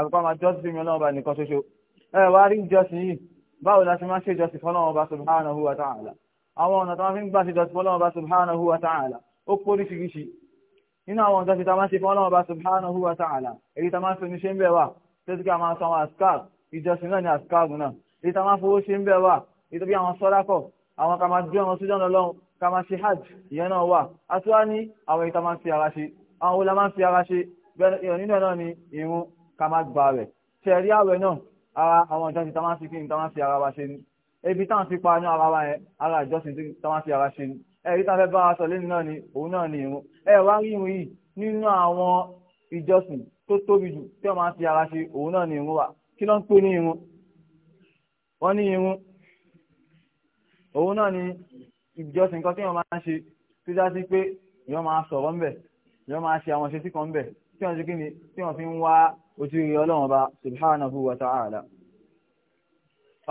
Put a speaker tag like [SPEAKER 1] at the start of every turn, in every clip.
[SPEAKER 1] àbùkọ́ máa jọ́sìn mi ọlọ́run ọba nìkan ṣoṣo ẹ wá rí ìjọsìn yìí báwo la ṣe máa ṣe ìjọsìn fọlọ́run ọba subhanahu wa ta'ala àwọn ọ̀nà tó máa fi ń gbà ṣe ìjọsìn fọlọ́run subhanahu wa ta'ala ó póríṣiríṣi nínú àwọn ìjọsìn tá máa ṣe fọlọ́run ọba subhanahu wa ta'ala èyí tá máa ń fẹnu ṣe ń bẹ̀ wà tẹ́sí ká máa sọ àwọn àṣkáàr ìjọsìn náà ní àṣkáàr náà èyí tá máa fowó ṣe ń bẹ̀ wà èyí tó bí àwọn sọ́dákọ̀ àwọn ká máa gbé ọmọ sójú ọ̀nà lọ́hùn ká máa ṣe hajj ìyẹn náà wà àtúwá ní àwọn èyí tá máa ń fi ara ṣe àwọn olá máa ń fi ara ṣe nínú ẹ̀ náà ni ìrun Kama má gba rẹ̀ ṣe rí àwẹ̀ náà ara àwọn ìjọsìn tá máa ń fi kí ni tá máa ń fi ara wa ṣe ni ebi tá à ń fi pa ní ara wa yẹn ara ìjọsìn tá máa ń fi ara ṣe ni ẹ̀rí tá a fẹ́ bá a sọ lẹ́nu náà ni òun náà ni ìrun ẹ wá rí ìrun yìí nínú àwọn ìjọsìn tó tóbi jù tí wọ́n máa ń fi ara ṣe òun náà ni ìrun wa kí ló ń pè ní irun wọ́n ní irun òun náà ni ìjọsìn kan tí wọ́n máa ń ṣe tó já sí pé ìyọ́n máa sọ̀rọ̀ ńbẹ̀ ìyọ́n máa ṣe àwọn ṣe kan ńbẹ̀ tí wọ́n ṣe kí ni tí wọ́n fi ń wá ojú rí ọlọ́run bá subhanahu wa ta'ala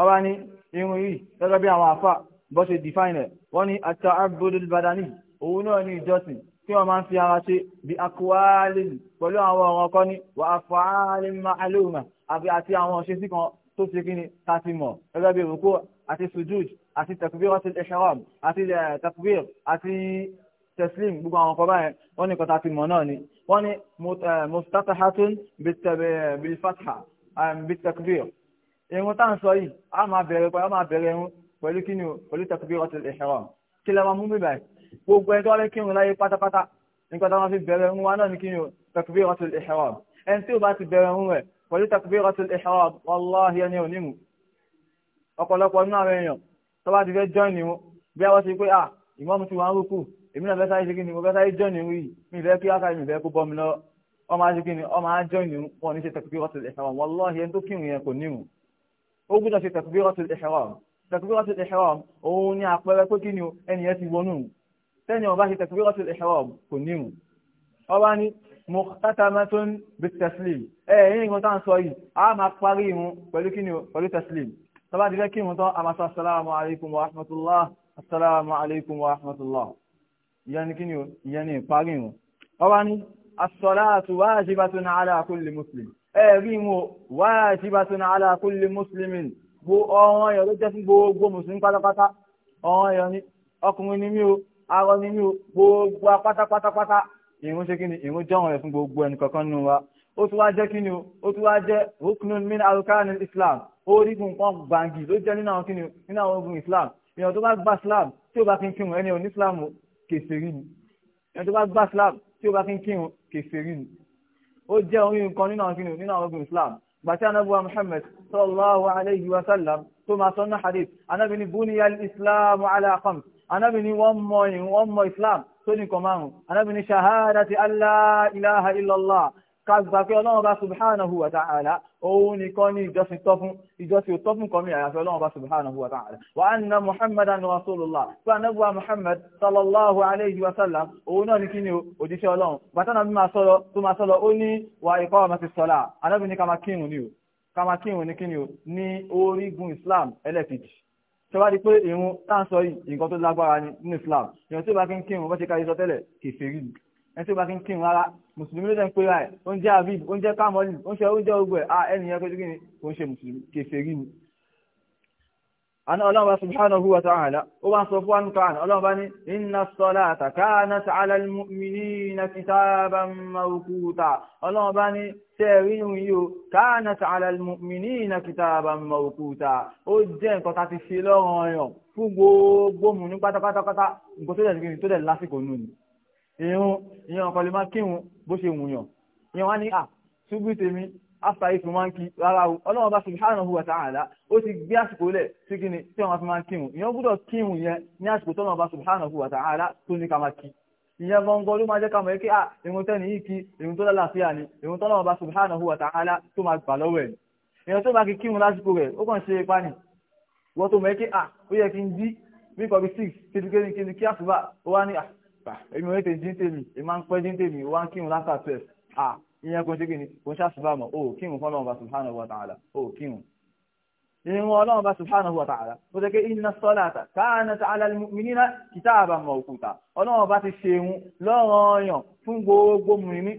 [SPEAKER 1] ọba ní irun yìí gẹ́gẹ́ bí àwọn àfà bó ṣe define ẹ̀ wọ́n ní at-ta'abbudul badani òun náà ní ìjọsìn tí wọ́n máa ń fi ara ṣe bí akwalin pẹ̀lú àwọn ọ̀rọ̀ ọkọ ní wà af'alin ma'luma àti àwọn ọ̀ṣẹ́sí kan tó ṣe kíni tàti mọ̀ gẹ́gẹ́ bí rúkú àti sujud àti takbiratul àti eh, takbir àti tẹsílìm gbogbo àwọn ọkọ̀ báyẹn wọ́n ní kọta ti mọ̀ náà ni wọ́n ní eh, mustatahatun eh, bilfatha um, bitakbir irun tá à ń sọ yìí a máa bẹ̀rẹ̀ pẹ̀lú a máa bẹ̀rẹ̀ irun pẹ̀lú kí ni o pẹ̀lú takbiratul ihram kí lè máa mú mi báyìí gbogbo ẹni tó wá lé kí irun láyé pátápátá nígbà táwọn fi bẹ̀rẹ̀ irun wa náà ni kí ni o takbiratul ihram ẹni tí o bá ti bẹ̀rẹ̀ irun rẹ̀ pẹ̀lú takbiratul ihram wàláhi ẹni ò ní mu ọ̀pọ̀lọpọ̀ nínú àwọn èèyàn tó bá ti fẹ́ jọ́ìn ni wọn bí a wọ́n ti pé ah ìmọ̀ọ́mù ti wà ń rúkú èmi náà fẹ́ẹ́ ṣe kí ni mo fẹ́ẹ́ jọ́ ní wí mi fẹ́ kí ákàrí mi fẹ́ kó bọ́ mi lọ ọmọ á ṣe kí ni ọmọ á jọ́ ní wọn ní ṣe takbiratul ihram wallahi ẹni tó kírun yẹn kò níwù ó gbúdọ̀ ṣe takbiratul ihram takbiratul ihram òun ní àpẹẹrẹ pé kí ni ẹni yẹn ti wọnú tẹ́ni ọba ṣe takbiratul ihram kò níwù ọba ní muqtatamatun bit-taslim ẹ ẹ̀yìn nǹkan tá à sọ yìí a máa parí irun pẹ̀lú kí ni pẹ̀lú taslim tọ́ba ti fẹ́ kí irun tán a máa sọ assalamu alaikum wa rahmatullah assalamu alaikum wa rahmatullah ìyẹn ni kí ni o ìyẹn ni ìparí wọn ọba ní asọ́láàtù wajibatun ala kulli muslim ẹ̀rí wọn wajibatun ala kulli muslimin bó ọ̀rọ̀ ẹ̀rọ jẹ́ fún gbogbo mùsùlùmí pátápátá ọ̀rọ̀ ẹ̀rọ ni ọkùnrin ni mí o arọ ni mí o gbogbo pátápátápátá ìrún ṣe kí ni ìrún jọ́rọ̀ rẹ̀ fún gbogbo ẹnì kankan nínú wa ó tún wá jẹ́ kí ni o ó tún wá jẹ́ ruknun min arkanil islam orígun kan gbàǹgì ló jẹ́ nínú àwọn kí ni nínú àwọn ogun islam èèyàn tó bá gba islam tí ó bá fi ń kírun ẹni ò ní islam kèfèrí ni ẹni tó bá gba Islam tí ó bá fi ń kírun kèfèrí ni ó jẹ́ orí nǹkan nínú àwọn kírun nínú àwọn ogun Islam gbàtí anábùwà Muhammad sallallahu alayhi wa sallam tó máa sọ ní hadith anábì ní buniya Islam ala khams anábì ní wọ́n mọ ìrun mọ Islam tó ní nǹkan márùn-ún anábì ní Allah ilaha illallah kàgbà pé ọlọ́run bá subhanahu wa ta'ala òun nìkan ní ìjọsìn tọ́ fún ìjọsìn tọ́ fún kan ní àyàfi ọlọ́run bá subhanahu wa ta'ala wa anna muhammadan rasulullah pé anábuwa muhammad sallallahu alayhi wa sallam òun náà ní kí ni òjíṣẹ́ ọlọ́run bàtánà bí máa sọ́lọ tó máa sọ́lọ ó ní wa iqamati salah anábì ní kamakíhun ni o kamakíhun ní kí ni o ní orígun islam ẹlẹ́kejì tọ́wá di pé irun tá yìí nǹkan tó lágbára ní islam ìrántí bá kí ẹni tí ó bá kí ń kírun rárá mùsùlùmí ló dẹ̀ ń pé ra ẹ̀ oúnjẹ avid oúnjẹ kamoli oúnjẹ oúnjẹ ogun ẹ̀ à ẹnìyẹn pé kí ni kò ń ṣe mùsùlùmí kèfèrí ni. àná ọlọ́run bá subhanahu wa ta'ala ó bá ń sọ fún wa nǹkan àná ọlọ́run bá ní inna as-salata kanat 'ala al-mu'minina kitaban mawquta ọlọ́run bá ní tẹ́ẹ̀rínú yíò kanat 'ala al-mu'minina kitaban mawquta ó jẹ́ nǹkan ta ti fi lọ́rùn ọyàn fún gbogbo mùmínì pátápátápátá nǹkan tó dẹ̀ lásìkò nù ni ìyẹn ìyẹn ọkọ̀ lè máa kíhun bó ṣe wùyàn ìyẹn wá ní à ṣubú tèmi after if máa ń kí rárá o ọlọ́run bá subhanahu wa ta'ala ó ti gbé àsìkò lẹ̀ sí kí ni tí wọ́n fi máa ń kíhun ìyẹn gbúdọ̀ kíhun yẹn ní àsìkò tọ́lọ́run bá subhanahu wa ta'ala tó ní ká máa kí ìyẹn gbọ́ngọ́ ló máa jẹ́ ká mọ̀ kí à ìrun tẹ́ni yìí kí ìrun tó lálàáfíà ni ìrun tọ́lọ́run bá subhanahu wa ta'ala tó máa gbà lọ́wọ́ ẹ̀ ìyẹn tó bá kí kíhun lásìkò rẹ̀ ó kàn ṣe ipá ni wọ́n tó mọ̀ kí à ó yẹ kí n jí bí kọ́ bí six kí ni kí àsùbà ó wá ní à èmi wọ́n ti dín tèmi èmi máa ń pẹ́ dín tèmi wá ń kírun látàtọ̀ ẹ̀ à ìyẹn kò ṣe kìíní kò ń ṣàṣùbà mọ̀ o kírun fún ọlọ́run bá subhanahu wa ta'ala o kírun. ìrìn wọn ọlọ́run bá subhanahu wa ta'ala ó ṣe pé inna salata kanat 'ala al-mu'minina kitaban mawquta ọlọ́run bá ti ṣe ohun lọ́rọ̀ ọyàn fún gbogbo mùmí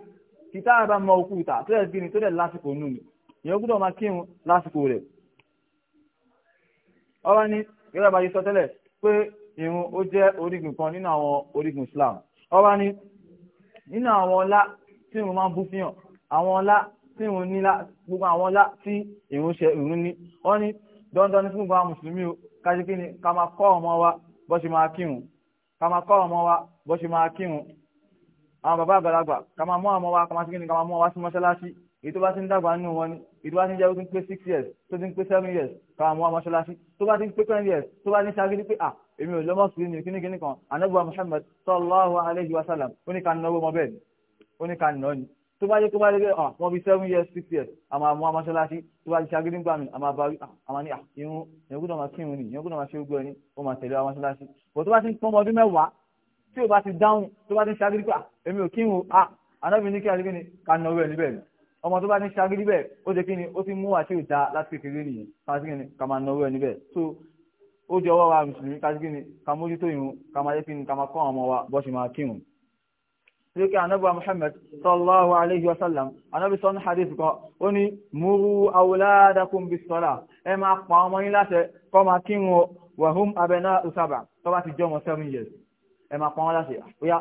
[SPEAKER 1] kitaban mawquta tó dẹ̀ gbìn irun ó jẹ́ orígun kan nínú àwọn orígun Islam ọba ni nínú àwọn ọlá tí irun máa ń bú fihàn àwọn ọlá tí irun ní gbogbo àwọn ọlá tí irun ṣe irun ní wọ́n ní dandan ní fún gbogbo àwọn mùsùlùmí o kájí kí ni ká máa kọ́ ọmọ wa bó ṣe máa kírun ká máa kọ́ ọmọ wa bó ṣe máa kírun àwọn bàbá àgbàlagbà ká máa mú ọmọ wa ká máa ṣe kí ni ká máa mú ọmọ wa sí mọ́ṣáláṣí èyí tó bá ti ń dàgbà nínú wọn ni ìlú wa ti ń jẹ́ ó six years tó ti ń pé seven years káwọn àwọn mọ́ṣáláṣí tó bá ti ń pé ten years tó bá ti ń ṣagídí pé à èmi ò lọ́mọ́ sí ní kíníkíní kan anábùwà Muhammad sallallahu alayhi wa sallam ó ní ká náwó mọ́ bẹ́ẹ̀ ni ó ní ká nà ni tó bá yẹ kó bá yẹ pé ah wọ́n bí seven years six years àmọ́ àwọn mọ́ṣáláṣí tó bá ti ṣagídí gbà mí àmọ́ àbáwí àmọ́ ní irun yẹn gbọ́dọ̀ máa kírun ni yẹn gbọ́dọ̀ máa ṣe gbọ́ ni ó máa tẹ̀lé àwọn mọ́ṣáláṣí kò tó bá ti ń pọ́n ọdún mẹ́wàá tí ò bá ti dáhùn tó bá ti ṣagídí pé ah èmi ò kírun ah anábìíní kí ọmọ tó bá ní ṣagídí bẹ́ẹ̀ ó jẹ́ kí ni ó ti mú àṣẹ ìta láti kékeré nìyẹn kásìkì ni ká máa náwó ẹ̀ níbẹ̀ so ó jẹ́ ọwọ́ wa mùsùlùmí kásìkì ni ká mójútó ìrun ká máa jẹ́ kí ni ká máa kọ́ ọmọ wa bọ́ ṣe máa kírun. Sèkè Anábà Muhammad sallallahu alayhi wa sallam Anábì sọ́nù hadith kan ó ní múrú awladakum bis-sala ẹ máa pa ọmọ yín láṣẹ kọ́ máa kírun wa hum usaba tó bá ti jẹ́ ọmọ seven years ẹ máa pa wọn láṣẹ ó yá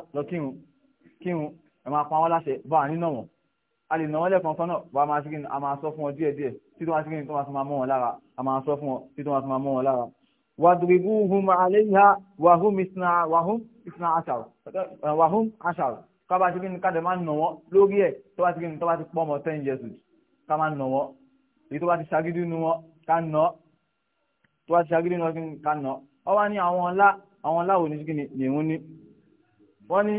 [SPEAKER 1] lọ a lè náwọ́lẹ̀ kankan náà wà máa ṣíkí a máa sọ fún ọ díẹ̀ díẹ̀ tí tó máa ṣíkí tó máa fi máa mọ́ wọn lára a máa sọ fún ọ tí tó máa fi máa mọ́ wọn lára. wadribuhum alayha wahum isna wahum isna ashar wahum ashar ká bá máa nà lórí ẹ̀ tó bá ṣíkí tó bá ti pọ́ ọmọ ten years tó bá ti ṣagídí nu wọn ká nà ọ wá ní àwọn ọlá àwọn ọlá òní ṣíkí ni ìhun ní wọ́n ní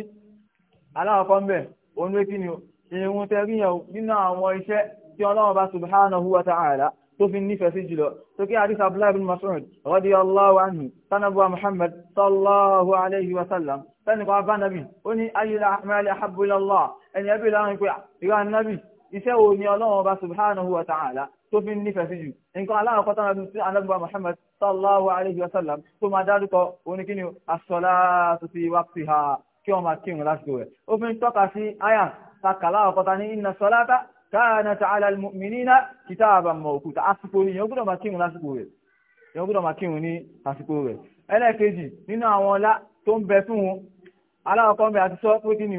[SPEAKER 1] aláwọ̀kọ́ ń bẹ̀ ìrun tẹ́ríyàn nínú àwọn iṣẹ́ tí Ọlọ́run bá subhanahu wa ta'ala tó fi nífẹ̀ẹ́ sí jùlọ tó kí àdís Abdullah ibn Mas'ud radiyallahu anhu tánàbùwa Muhammad sallallahu alayhi wa sallam tánìkọ́ bá nàbí ó ní ayyula ahmali ahabbu ila Allah ẹni máa kí wọ́n lásìkò rẹ̀ ó fi ń tọ́ka sí aya takàlá ọ̀kọta ní inna salata kanat ala al-mu'minina kitaban mawquta àsìkò ní yóò gbọ́dọ̀ máa kírun lásìkò rẹ̀ yóò gbọ́dọ̀ máa kírun ní àsìkò rẹ̀ ẹlẹ́ẹ̀kejì nínú àwọn ọlá tó ń bẹ fún wọn aláwọ̀kọ́ ń àti sọ kí ni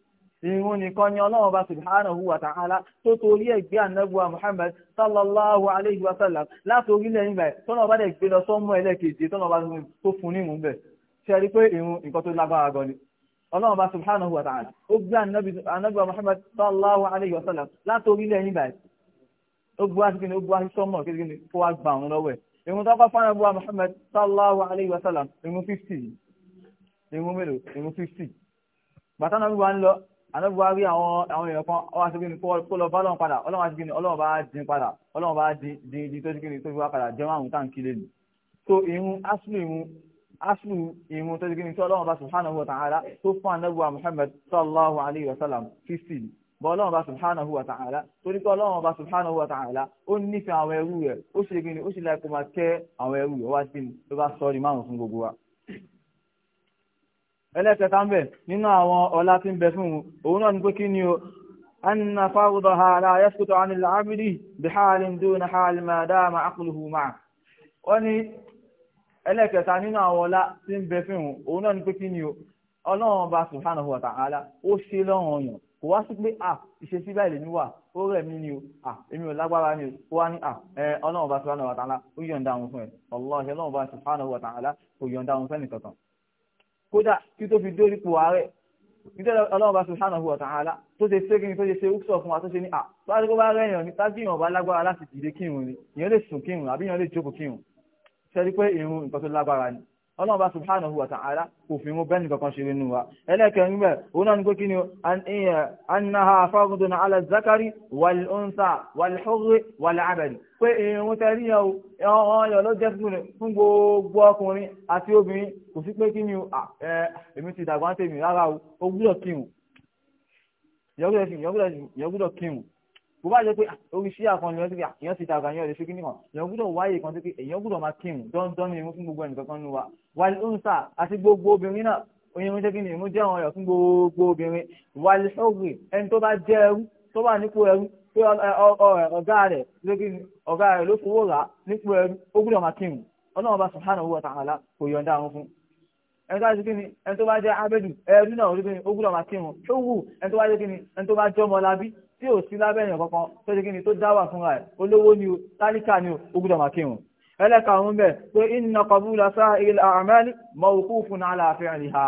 [SPEAKER 1] ìrun nìkan ni ọlọ́run bá subhanahu wa ta'ala tó torí ẹgbẹ́ ànábùwà muhammad sallallahu alayhi wa sallam láti orílẹ̀ yìí báyìí tọ́nà bá dẹ̀ gbé lọ sọ́mọ́ ẹlẹ́kejì tọ́nà bá tó fún ní ìmúbẹ̀ ṣe rí pé ìrun nǹkan tó lágbára gan ni ọlọ́run bá subhanahu wa ta'ala ó gbé ànábùwà muhammad sallallahu alayhi wa sallam láti orílẹ̀ yìí báyìí ó gbé wáṣí kíni ó gbé wáṣí sọ́mọ́ kíni kó wá gbà wọn lọ́wọ́ ẹ̀ tó kọ́ bàtà náà wà ń lọ anábùwá rí àwọn àwọn èèyàn kan ọwọ́ aṣọ gbìyànjú kó lọ bá ọlọ́run padà ọlọ́run aṣọ gbìyànjú ọlọ́run bá dín padà ọlọ́run bá dín dín dín tó ṣe gbìyànjú tó fi wá padà jẹ́ márùn táǹkì lẹ́nu. so irun aslu irun aslu irun tó ṣe gbìyànjú tó ọlọ́run bá subhanahu wa ta'ala tó fún anábùwá muhammad sallallahu alayhi wa sallam fifty bọ́lọ́run bá subhanahu wa ta'ala torí pé ọlọ́run bá subhanahu wa ta'ala ó nífẹ̀ẹ́ àwọn ẹrú rẹ̀ ó ṣe gbìyànjú ó ṣe láìpẹ́ máa kẹ́ àwọn ẹrú rẹ̀ wá sí ni ló bá sọ ọ́ di márùn fún gbogbo wa ẹlẹ́kẹta ń bẹ̀ nínú àwọn ọlá tí ń bẹ fún òun náà ni pé kí ni o anna fáwọ́dọ̀ ha la yẹ́sùkútọ̀ àni láàbìrì bí hálin dúnà hálin máa dáa máa akùlùhù máa wọ́n ni ẹlẹ́kẹta nínú àwọn ọlá tí ń bẹ fún òun náà ni pé kí ni o ọlọ́run bá subhanahu wa ta'ala ó ṣe lọ́rùn ọyàn kò wá sí pé kódà kí tó fi dórí pò ààrẹ nítorí ọlọ́run bá subhanahu wa ta'ala tó ṣe ṣé kíni tó ṣe ṣe úkṣọ̀ fún wa tó ṣe ní à tó wájú kó bá rẹ̀yàn ní tájú ìwọ̀n bá lágbára láti dìde kírun ni ìyẹn lè sùn kírun àbí ìyẹn lè jókòó kírun ṣe rí pé ìrun nǹkan tó lágbára ni ọlọ́ọ̀bá subhanahu wa ta'ala òfin mú bẹ́ẹ̀ni kankan ṣe nínú wa ẹlẹ́kẹ̀ẹ́ níbẹ̀ òun náà ní kó kí ni annaha fagudun ala zakari wal'unsa wal'hurri wal'abari pé irun tẹ́rí yẹn o ọ̀yọ̀ ló jẹ́ fún gbogbo ọkùnrin àti obìnrin kò sí pé kí ni èmi ti dàgbà tèmi rárá o ó gbúdọ̀ kírun yọgbúdọ̀ kírun bó bá jẹ́ pé ah, orí sí àkànlò ẹ̀ síbi èèyàn ti dàgbà yẹn ò lè ṣe kíní kan èèyàn gbúdọ̀ wáyé kan sí pé èèyàn gbúdọ̀ máa kírun dọ́ndọ́n ní irun fún gbogbo ẹnì kankan nù wa wàlí ounsa àti gbogbo obìnrin náà oyin oúnjẹ kíní ìmú jẹ́ àwọn ọ̀yọ̀ fún gbogbo obìnrin wàlí ṣọ́ọ̀gì ẹni tó bá jẹ́ ẹrú tó wà nípò ẹrú pé ọ̀gá rẹ̀ ọ̀gá rẹ̀ ló fowó rà nípò ẹrú ó gbúdọ̀ máa kírun ọlọ́run bá subhanahu wa ta'ala kò yọ̀ǹda àwọn fún ẹni tó bá jẹ́ kíni ẹni tó bá jẹ́ abẹ́dù ẹrú náà orí kíni ó gbúdọ̀ máa kírun tó wù ẹni tó bá jẹ́ kíni ẹni tó bá jọmọ labí tí ò sí lábẹ́yìn kankan tó jẹ́ kíni tó dáwà fúnra ẹ̀ olówó ni o tálíkà ni o ó gbúdọ̀ máa kírun ẹlẹ́ka ọ̀hún bẹ̀ pé inna qabula sa'il a'mal mawqufun ala fi'liha